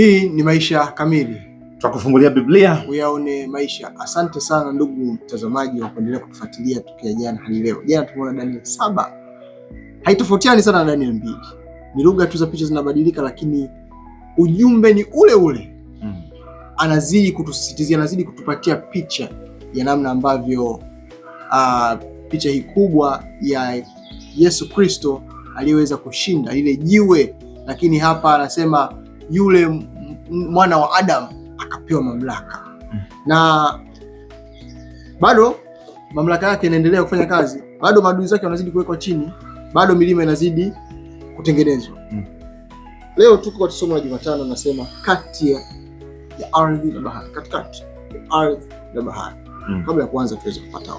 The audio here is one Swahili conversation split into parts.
Hii ni Maisha Kamili, twakufungulia Biblia uyaone maisha. Asante sana ndugu mtazamaji wa kuendelea kutufuatilia tukia jana hadi leo. Jana tumeona Danieli saba, haitofautiani sana na Danieli mbili, ni lugha tu za picha zinabadilika, lakini ujumbe ni ule ule. Hmm. Anazidi kutusisitizia, anazidi kutupatia picha ya namna ambavyo uh, picha hii kubwa ya Yesu Kristo aliyeweza kushinda ile jiwe, lakini hapa anasema yule mwana wa adam akapewa mamlaka mm. na bado mamlaka yake inaendelea kufanya kazi, bado maadui zake wanazidi kuwekwa chini, bado milima inazidi kutengenezwa mm. Leo tuko kwa somo la Jumatano, nasema kati ya ardhi na bahari, katikati ya ardhi na bahari mm. Kabla ya kuanza tuweze kupata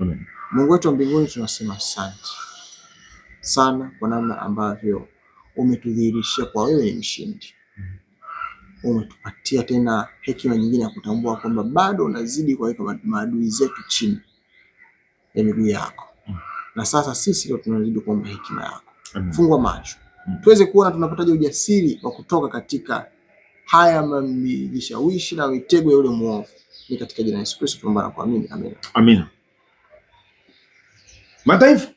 Amen. Mungu wetu wa mbinguni, tunasema asante sana kwa namna ambavyo umetudhihirishia kwa wewe ni mshindi umetupatia tena hekima nyingine ya kutambua kwamba bado unazidi kuweka maadui zetu chini ya miguu yako, mm. na sasa sisi ndio tunazidi kuomba hekima yako. Fungua macho mm. tuweze kuona tunapotaja ujasiri wa kutoka katika haya mamishawishi na mitego ya yule mwovu. Ni katika jina la Yesu Kristo tunaomba na kuamini, amina, amina. Mataifa,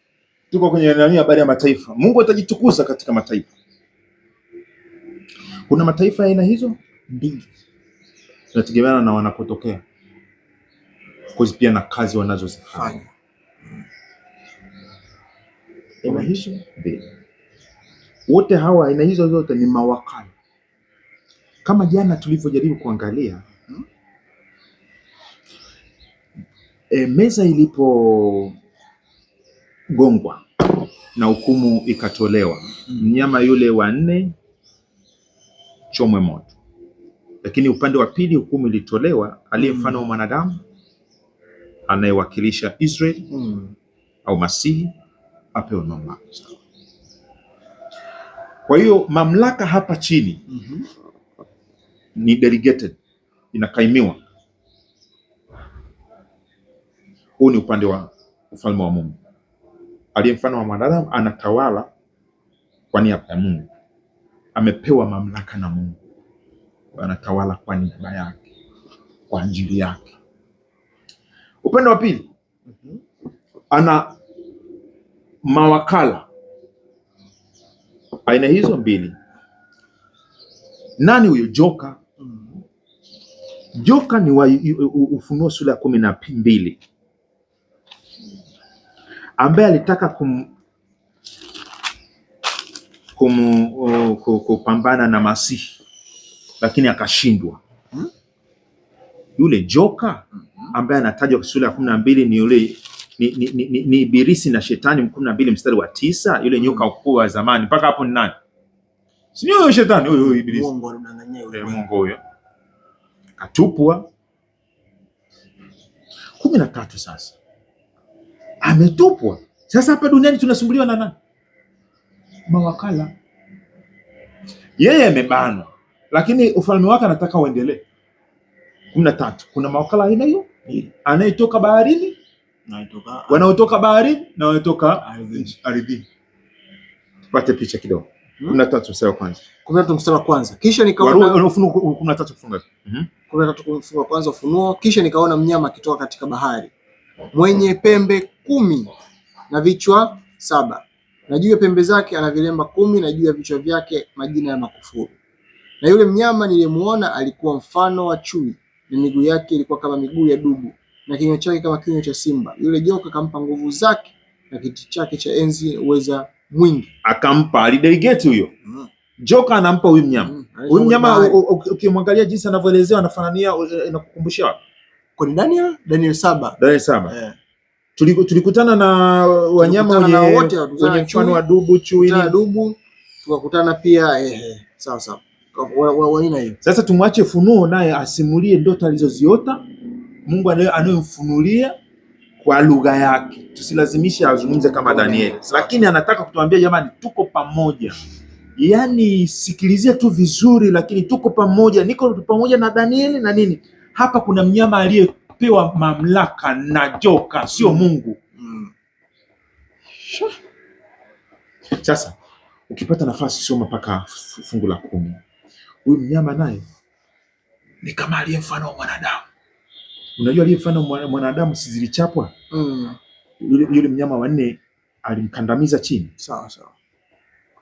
tuko kwenye nani? Habari ya mataifa. Mungu atajitukuza katika mataifa. Kuna mataifa ya aina hizo mbili, tunategemeana na wanapotokea kozi pia na kazi wanazozifanya aina mm. hizo mbili. Wote hawa aina hizo zote ni mawakala, kama jana tulivyojaribu kuangalia hmm? E, meza ilipogongwa na hukumu ikatolewa, mm. mnyama yule wa nne ichomwe moto. Lakini upande wa pili hukumu ilitolewa aliye mfano wa mwanadamu anayewakilisha israel mm. au Masihi apewe mamlaka. Kwa hiyo mamlaka hapa chini mm -hmm. ni delegated, inakaimiwa. Huu ni upande wa ufalme wa Mungu, aliye mfano wa mwanadamu anatawala kwa niaba ya Mungu amepewa mamlaka na Mungu, anatawala kwa niaba yake, kwa ajili yake. Upande wa pili, ana mawakala aina hizo mbili. Nani huyo joka? Joka ni wa Ufunuo sura ya kumi na mbili ambaye alitaka kum, kumu, kupambana na Masihi lakini akashindwa. Hmm? Yule joka hmm. ambaye anatajwa sura ya kumi na mbili ni yule ni, ni, ni, ni, Ibilisi na Shetani, kumi na mbili mstari wa tisa. Yule hmm. nyoka mkuu wa zamani. Mpaka hapo ni nani? Si Shetani, huyo huyo Ibilisi, eh, Mungu huyo katupwa. kumi na tatu. Sasa ametupwa. Sasa hapa duniani tunasumbuliwa na nani? mawakala. Yeye amebanwa, lakini ufalme wake anataka uendelee. kumi na tatu kuna mawakala aina hiyo, anayetoka baharini, wanaotoka baharini na wanaotoka ardhini. Tupate picha kidogo. Hmm? kumi na tatu mstari wa kwanza kumi na tatu mstari wa kwanza kisha nikaona kumi na tatu mhm. kumi na tatu kwanza Ufunuo. Kisha nikaona mnyama akitoka katika bahari mwenye pembe kumi na vichwa saba na juu ya pembe zake ana vilemba kumi na juu ya vichwa vyake majina ya makufuru. Na yule mnyama niliyemuona alikuwa mfano wa chui, na miguu yake ilikuwa kama miguu ya dubu, na kinywa chake kama kinywa cha simba. Yule joka akampa nguvu zake, na kiti chake cha enzi uweza mwingi akampa. Alidelegate huyo mm. joka anampa huyu mnyama hmm. huyu mm. mnyama. Ukimwangalia jinsi anavyoelezewa anafanania, inakukumbusha wapi? Kwa Daniel Daniel saba Daniel saba yeah tulikutana na wanyama wenye mfano wa dubu, chui na dubu tukakutana pia ehe, sawa sawa Sasa tumwache Funuo naye asimulie ndoto alizoziota, Mungu anayemfunulia kwa lugha yake, tusilazimishe azungumze kama Danieli, lakini anataka kutuambia jamani, tuko pamoja. Yaani sikilizia tu vizuri, lakini tuko pamoja, niko pamoja na Danieli na nini. Hapa kuna mnyama aliye amepewa mamlaka na joka, sio mm. Mungu. Mm. Sasa ukipata nafasi, soma mpaka fungu la kumi. Huyu mnyama naye ni kama aliye mfano wa mwanadamu. Unajua aliye mfano wa mwanadamu si zilichapwa? Mm. Yule, mnyama wa nne alimkandamiza chini, sawa sawa,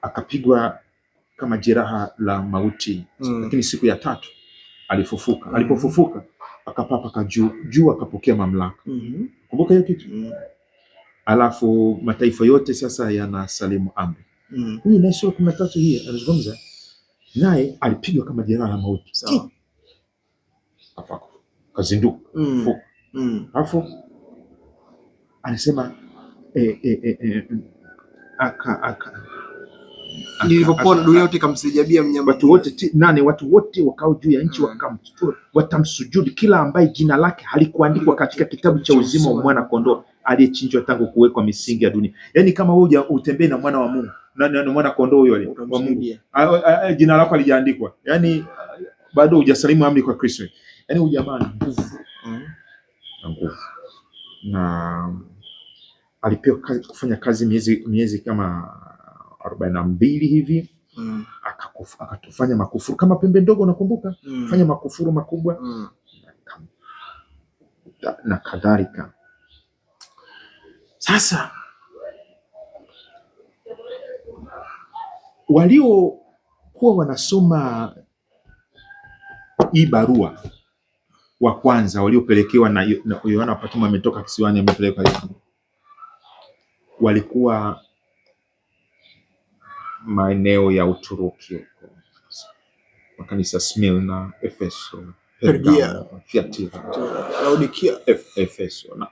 akapigwa kama jeraha la mauti. Mm. Lakini siku ya tatu alifufuka. Mm. Alipofufuka akapaa paka juu juu, akapokea mamlaka mm -hmm. Kumbuka hiyo kitu mm -hmm. Alafu mataifa yote sasa salimu amri mm huyu -hmm. Naye sura kumi na tatu hii anazungumza naye, alipigwa kama jeraha mauti sawa, kazinduka mm -hmm. mm -hmm. anasema eh, eh, eh, e, aka, aka nilivyokuwa na dunia yote kamsijabia mnyama. Watu wote nane, watu wote wakao juu ya nchi hmm. wakamtukuza, watamsujudu kila ambaye jina lake halikuandikwa katika hmm. kitabu cha uzima wa mwana kondoo aliyechinjwa tangu kuwekwa misingi ya dunia. Yaani kama wewe utembee na mwana wa Mungu nani na mwana kondoo yule wa Mungu, jina lako halijaandikwa, yaani bado hujasalimu amri kwa Kristo. Yaani ujamani nguvu hmm. na nguvu na alipewa kazi kufanya kazi miezi miezi kama arobaini na mbili hivi mm. akatufanya makufuru kama pembe ndogo, unakumbuka mm. fanya makufuru makubwa mm. na, kadhalika. Sasa waliokuwa wanasoma hii barua wa kwanza waliopelekewa na Yohana Wapatume ametoka kisiwani amepelekwa walikuwa maeneo ya Uturuki huko, makanisa Smilna, Efeso, Laodikia, Efeso na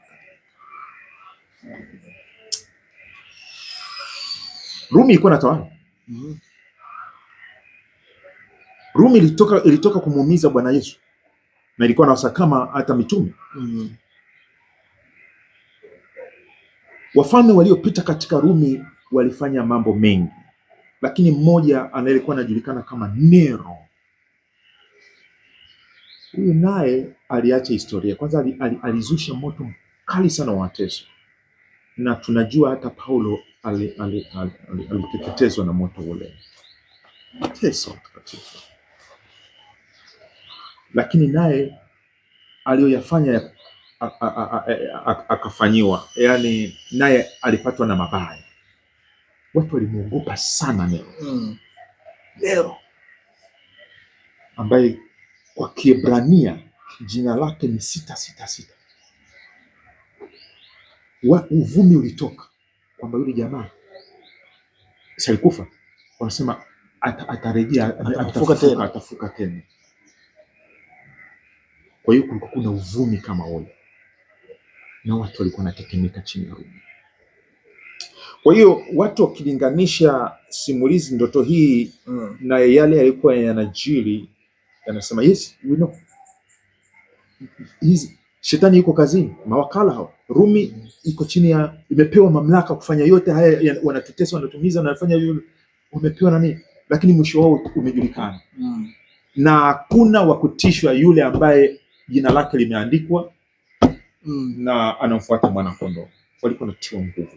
Rumi ilikuwa inatawala. Mm-hmm. Rumi ilitoka, ilitoka kumuumiza Bwana Yesu na ilikuwa na wasakama hata mitume. Mm-hmm. Wafalme waliopita katika Rumi walifanya mambo mengi lakini mmoja anayelikuwa anajulikana kama Nero, huyu naye aliacha historia. Kwanza alizusha moto mkali sana wa mateso, na tunajua hata Paulo aliteketezwa na moto ule, mateso mtakatifu. Lakini naye aliyoyafanya akafanyiwa, yani naye alipatwa na mabaya watu walimwogopa sana Nero. Mm. Nero ambaye kwa Kiebrania jina lake ni sita sita sita. Uvumi ulitoka kwamba yule jamaa salikufa, wanasema atarejea, atafuka, atafuka tena. Kwa hiyo kulikuwa kuna uvumi kama ule, na watu walikuwa wanatetemeka chini ya Rumi. Kwa hiyo watu wakilinganisha simulizi ndoto hii mm. na yale yalikuwa yanajiri, yanasema yes, we know. Hizi shetani yuko kazini, mawakala hao. Rumi mm. iko chini ya, imepewa mamlaka kufanya yote haya, wanatutesa, wanatumiza, wanafanya yule, wamepewa nani, lakini mwisho wao umejulikana mm. na hakuna wa kutishwa yule ambaye jina lake limeandikwa mm. na anamfuata mwana kondoo, walikuwa wanatiwa nguvu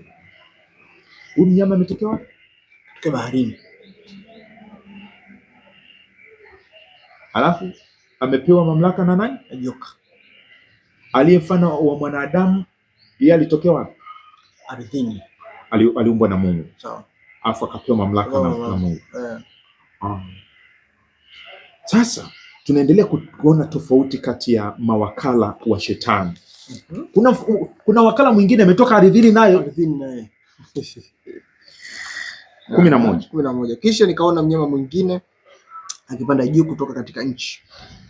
Huyu mnyama ametokea wapi? Kutoka baharini. Alafu amepewa mamlaka na nani? Na joka. Aliye mfano wa mwanadamu yeye alitokea wapi? Ardhini. Aliumbwa na Mungu. Sawa. Alafu akapewa mamlaka na Mungu. Yeah. Ah. Sasa tunaendelea kuona tofauti kati ya mawakala wa shetani. Mm -hmm. Kuna, kuna wakala mwingine ametoka ardhini naye. Ardhini naye. kumi na moja kumi na moja Kisha nikaona mnyama mwingine akipanda juu kutoka katika nchi,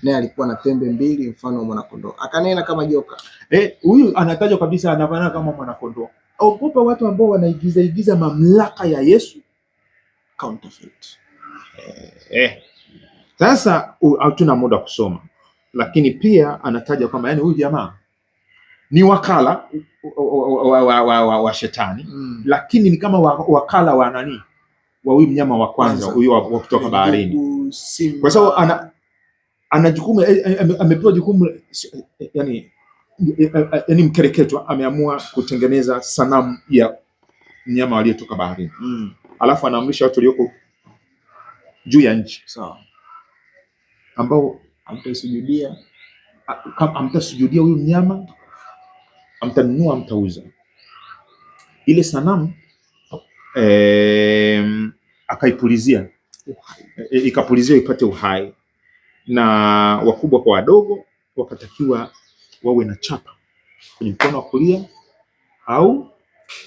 naye alikuwa na pembe mbili mfano wa mwanakondoo, akanena kama joka. Eh, Huyu anatajwa kabisa, anafanana kama mwanakondoo. Ogopa watu ambao wanaigiza igiza mamlaka ya Yesu counterfeit. Eh, eh. sasa eh. Hatuna muda wa kusoma, lakini pia anataja kwamba yani huyu jamaa ni wakala wa, wa, wa, wa, wa, wa shetani mm. Lakini ni kama wakala wa nani wa huyu mnyama wa kwanza huyo wa kutoka baharini, kwa sababu ana ana jukumu eh, eh, amepewa jukumu eh, yani yani mkereketwa, ameamua kutengeneza sanamu ya mnyama aliyetoka baharini mm. Alafu anaamrisha watu walioko juu ya nchi sawa, ambao amtasujudia amtasujudia huyu mnyama amtanunua, amtauza ile sanamu eh, akaipulizia e, ikapulizia ipate uhai, na wakubwa kwa wadogo wakatakiwa wawe na chapa kwenye mkono wa kulia au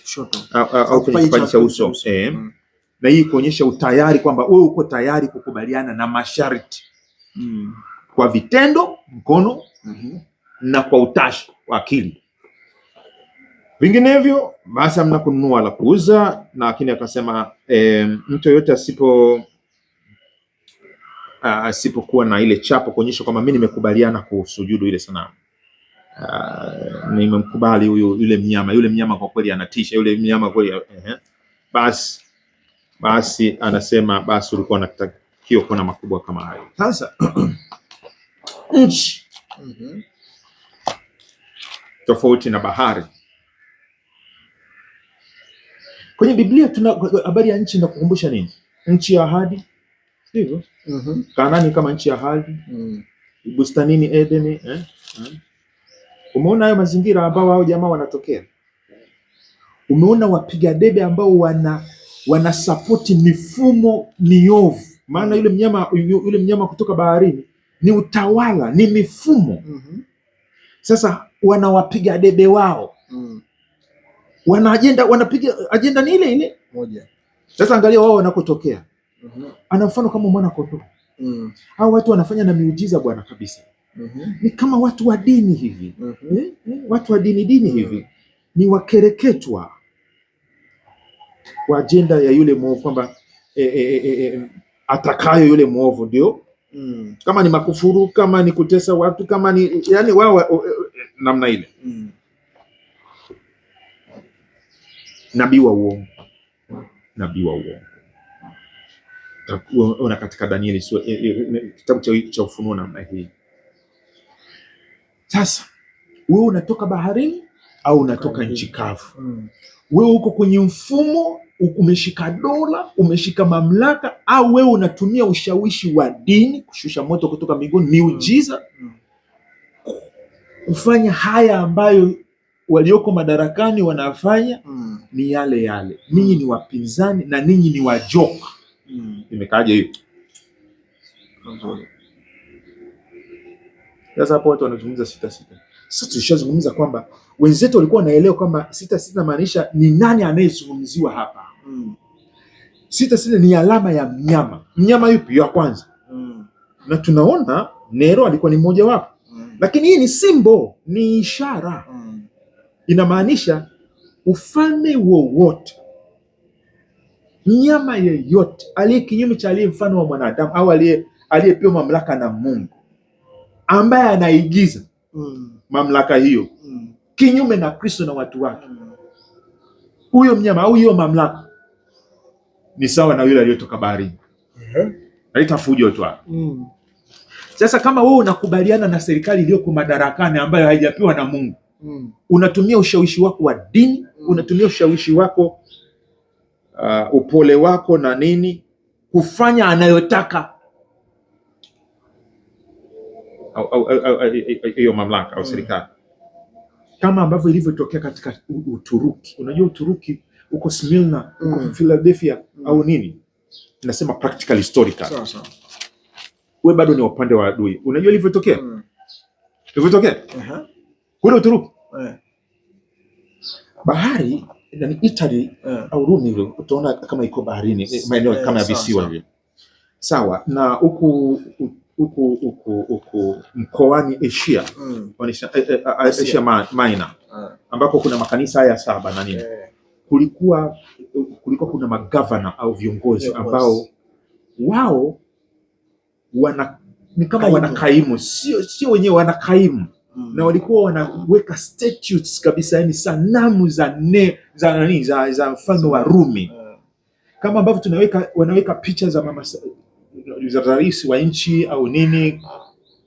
kushoto au kwenye kipaji cha uso eh, mm. na hii kuonyesha utayari kwamba wewe uko tayari kukubaliana na masharti mm. kwa vitendo mkono mm -hmm. na kwa utashi wa akili Vinginevyo basi hamna kununua wala kuuza. Lakini akasema e, mtu yoyote asipo asipokuwa na ile chapo kuonyesha kwamba mimi nimekubaliana kusujudu ile sanamu nimemkubali huyu yule mnyama yule mnyama kwa kweli anatisha yule mnyama kweli uh -huh. Basi basi anasema basi ulikuwa unatakiwa kuona makubwa kama hayo. Sasa nchi mhm, tofauti na bahari Kwenye Biblia tuna habari ya nchi inakukumbusha nini? Nchi ya ahadi, sivyo? mm -hmm. Kanani kama nchi ya ahadi mm. Bustanini Edeni eh? eh? Umeona hayo mazingira ambao hao jamaa wanatokea. Umeona wapiga debe ambao wana wanasapoti mifumo miovu, maana yule mnyama yule mnyama kutoka baharini ni utawala, ni mifumo mm -hmm. Sasa wanawapiga debe wao wana ajenda, wanapiga ajenda ni ile ile moja. Sasa angalia wao wanakotokea. mm -hmm. Ana mfano kama mwana kondoo. mm. Hao watu wanafanya na miujiza bwana kabisa. mm -hmm. Ni kama watu wa dini hivi. mm -hmm. eh? Watu wa dini dini mm -hmm. hivi ni wakereketwa kwa ajenda ya yule mwovu kwamba e, e, e, e, atakayo yule mwovu ndio. mm. Kama ni makufuru, kama ni kutesa watu, kama ni yani wao namna ile. mm. nabii wa uongo, nabii wa uongo ona katika Danieli eh, eh, eh, kitabu cha Ufunuo namna hii. Sasa wewe unatoka baharini au unatoka nchi kavu, mm. wewe uko kwenye mfumo, umeshika dola, umeshika mamlaka, au wewe unatumia ushawishi wa dini kushusha moto kutoka mbinguni, miujiza, mm. Mm. kufanya haya ambayo walioko madarakani wanafanya mm. ni yale yale. Ninyi ni wapinzani na ninyi ni wajoka. mm. Imekaja hiyo sasa. Hapo watu wanazungumza sita sita. Sasa tulishazungumza kwamba wenzetu walikuwa wanaelewa kwamba sita sita maanisha ni nani anayezungumziwa hapa. mm. Sita sita ni alama ya mnyama. Mnyama yupi? Ya kwanza. mm. na tunaona Nero alikuwa ni mmoja wapo. mm. lakini hii ni simbo, ni ishara mm. Inamaanisha ufalme wowote, mnyama yeyote aliye kinyume cha aliye mfano wa mwanadamu au aliyepewa mamlaka na Mungu ambaye anaigiza mm. mamlaka hiyo mm. kinyume na Kristo na watu wake mm. huyo mm. mnyama au hiyo mamlaka ni sawa na yule aliyotoka baharini eh? naita fujo tu. Mm. Sasa kama wewe unakubaliana na serikali iliyoko madarakani ambayo haijapewa na Mungu mm. unatumia ushawishi wako wa dini mm. unatumia ushawishi wako uh, upole wako na nini kufanya anayotaka hiyo mamlaka au mm. serikali kama ambavyo ilivyotokea katika Uturuki. Unajua Uturuki uko Smyrna, uko mm. Philadelphia mm. au nini, nasema practical historical. Sawa sawa, wewe bado ni upande wa adui. Unajua ilivyotokea mm. ilivyotokea uh -huh kule Uturuki yeah. bahari ni Italy yeah. au Rumi vile utaona kama iko baharini maeneo yeah, kama ya eh, visiwa hivi sawa na huku huku huku huku mkoani Asia mm. Asia, eh, eh, Asia Minor yeah. ambako kuna makanisa haya saba na nini yeah. kulikuwa kulikuwa kuna magavana au viongozi yeah, ambao wao wana ni kama wanakaimu, sio sio wenyewe wanakaimu na walikuwa wanaweka statutes kabisa, yani sanamu za ne, za nani za, za mfalme wa Rumi eh. kama ambavyo tunaweka wanaweka picha za mama za rais wa nchi au nini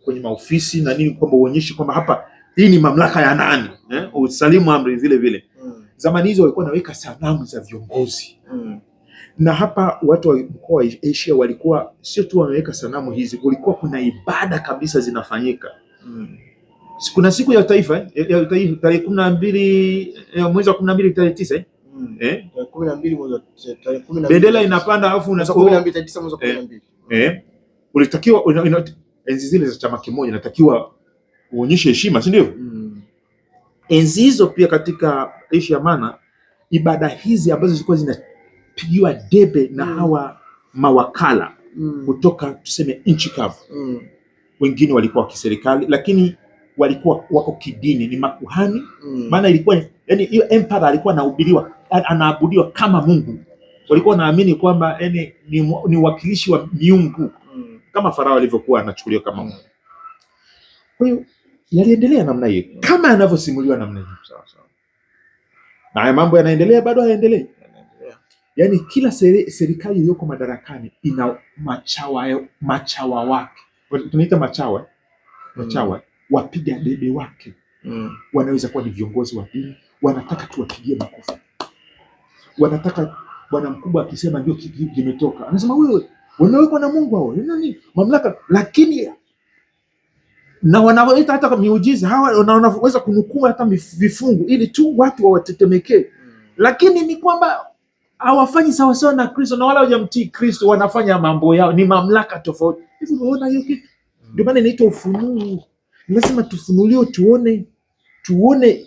kwenye maofisi na nini, kwamba uonyeshe kwamba hapa hii ni mamlaka ya nani eh? Usalimu amri vile vile mm. Zamani hizo walikuwa wanaweka sanamu za viongozi mm. Na hapa watu wa mkoa wa Asia walikuwa sio tu wameweka sanamu hizi, kulikuwa kuna ibada kabisa zinafanyika mm kuna siku eh, ya taifa tarehe kumi na mbili eh, mwezi wa kumi na mbili tarehe tisa eh? Hmm. bendera inapanda, alafu ulitakiwa enzi zile za chama kimoja natakiwa uonyeshe heshima, si ndio? Hmm. Enzi hizo pia katika ishi ya maana ibada hizi ambazo zilikuwa zinapigiwa debe na hmm. hawa mawakala kutoka tuseme nchi kavu, wengine walikuwa wa kiserikali lakini walikuwa wako kidini, ni makuhani hmm. maana mm. ilikuwa yani, hiyo empire alikuwa anahubiriwa anaabudiwa kama Mungu, walikuwa wanaamini kwamba yani ni, ni wakilishi wa miungu mm. kama Farao alivyokuwa anachukuliwa kama Mungu. Kwa hiyo yaliendelea namna hiyo mm. kama yanavyosimuliwa namna hiyo sawa sawa, na haya mambo yanaendelea bado hayaendelei Yani kila seri, serikali iliyoko madarakani ina machawa machawa wake, tunaita machawa machawa mm wapiga debe wake mm. wanaweza kuwa ni viongozi wa dini, wanataka tuwapigie makofi, wanataka bwana mkubwa akisema ndio kijiji kimetoka, anasema wewe wanawekwa na Mungu hao nani mamlaka, lakini na wanaweza hata miujiza hawa, na wanaweza kunukuu hata vifungu ili tu watu wawatetemekee mm. lakini ni kwamba hawafanyi sawasawa na Kristo na wala hawajamtii Kristo, wanafanya mambo yao, ni mamlaka tofauti. Hivi unaona hiyo kitu, mm. ndio maana inaitwa ufunuo lazima tufunuliwe, tuone tuone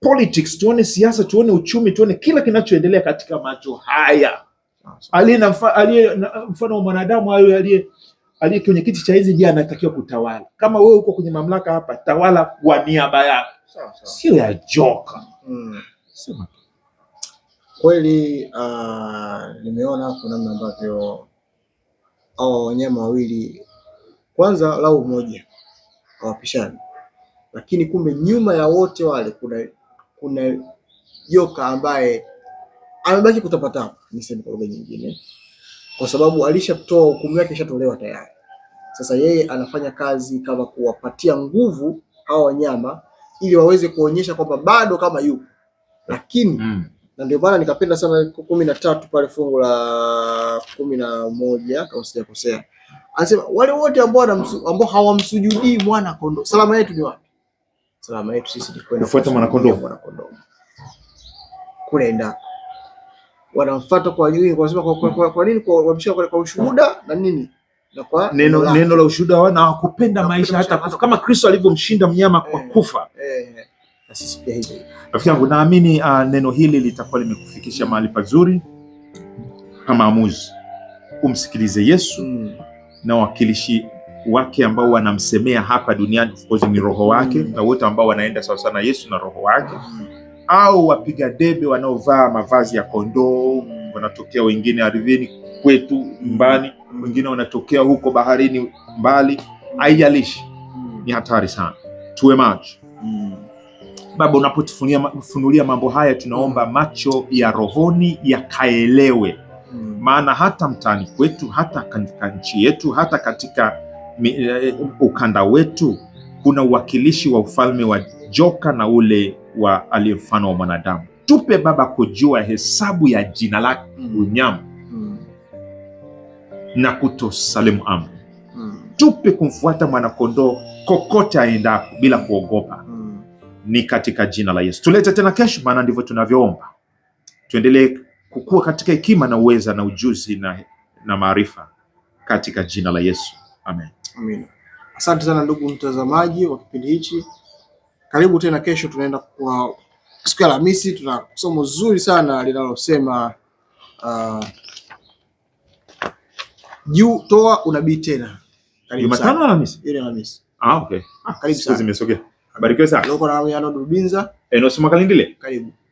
politics, tuone siasa, tuone uchumi, tuone kila kinachoendelea katika macho haya. Aliye na mfano wa mwanadamu aliye aliye kwenye kiti cha enzi, je, anatakiwa kutawala? Kama wewe uko kwenye mamlaka hapa, tawala kwa niaba yake, sio ya joka. Mm. Kweli uh, nimeona hapo namna ambavyo hao wanyama wawili kwanza, lau moja hawapishani, lakini kumbe nyuma ya wote wale kuna kuna joka ambaye amebaki kutapatapa, niseme kwa lugha nyingine, kwa sababu alishatoa hukumu yake, ishatolewa tayari. Sasa yeye anafanya kazi kama kuwapatia nguvu hawa wanyama ili waweze kuonyesha kwamba bado kama yupo, lakini mm. na ndio maana nikapenda sana kumi na tatu pale fungu la kumi na moja kama sijakosea Anasema wale wote ambao ambao hawamsujudii mwana kondoo, salama yetu ni wapi? Salama yetu sisi ni kwenda kufuata mwana kondoo, mwana kondoo kule enda wanamfuata kwa nini? Kwa sababu kwa, kwa, kwa nini kwa wamshia kwa, kwa ushuhuda na nini na kwa neno la, neno la ushuhuda wana hawakupenda maisha hata kufa, kama Kristo alivyomshinda mnyama kwa eh, kufa eh, eh. Na sisi pia hivyo, rafiki yangu, naamini uh, neno hili litakuwa limekufikisha mahali pazuri. Kama amuzi umsikilize Yesu mm na wakilishi wake ambao wanamsemea hapa duniani, of course ni roho wake mm. na wote ambao wanaenda sawa sana Yesu na roho wake, mm. au wapiga debe wanaovaa mavazi ya kondoo, mm. wanatokea wengine ardhini kwetu nyumbani, wengine wanatokea huko baharini mbali, haijalishi, ni hatari sana, tuwe macho. Baba, unapotufunulia mambo haya, tunaomba macho ya rohoni yakaelewe maana hata mtaani kwetu, hata katika nchi yetu, hata katika eh, ukanda wetu kuna uwakilishi wa ufalme wa joka na ule wa aliye mfano wa mwanadamu. Tupe Baba kujua hesabu ya jina lake mm. unyama mm. na kutosalimu amri mm. Tupe kumfuata mwanakondoo kokote aendapo bila kuogopa mm. Ni katika jina la Yesu. Tulete tena kesho, maana ndivyo tunavyoomba. Tuendelee kukua katika hekima na uweza na ujuzi na, na maarifa katika jina la Yesu Amen. Amen. Asante sana ndugu mtazamaji wa kipindi hichi, karibu tena kesho. Tunaenda kwa siku ya Alhamisi, tuna somo zuri sana linalosema uh, juu toa unabii tena. Jumatano Alhamisi. Ile Alhamisi. Ah, okay. Ah, Karibu sana. Zimesogea. Barikiwe sana. Niko na Arnold Rubinza. Enos Makalindile. Karibu.